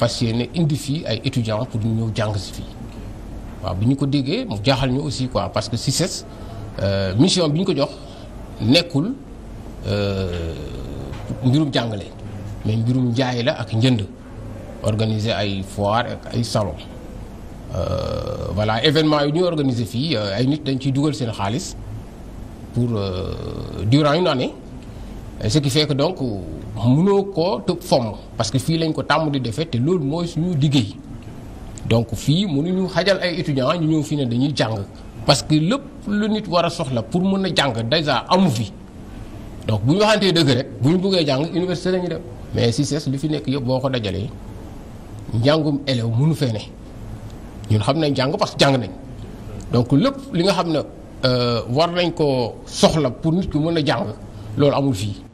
fas yéene indi fii ay étudiants pour ñu ñëw jàng si fii waaw bi ñu ko déggee mu jaaxal ñu aussi quoi parce que CICES euh, mission bi ñu ko jox nekkul euh, mbirum jàngale mais mbirum njaay la ak njënd organiser ay foire ak ay salon euh, voilà événement yi ñuy organise fii ay nit dañ ciy dugal seen xaalis pour durant une année ce qui fait que donc mënoo koo tëb fomm parce que fii lañ ko tàmm di defee te loolu mooy suñu liggéey donc fii mënuñu xajal ay étudiants ñu ñëw fii ne dañuy jàng parce que lépp lu nit war a soxla pour mën a jàng déjà amu fi donc bu ñu waxantee dëgg bu ñu bëggee jàng université la mais CICES li fi nekk yëpp boo ko dajalee njàngum élève mënu fee ne ñun xam nañ jàng parce que jàng nañ donc lépp li nga xam ne euh, war nañ ko soxla pour nit ki mën a jàng loolu amul fii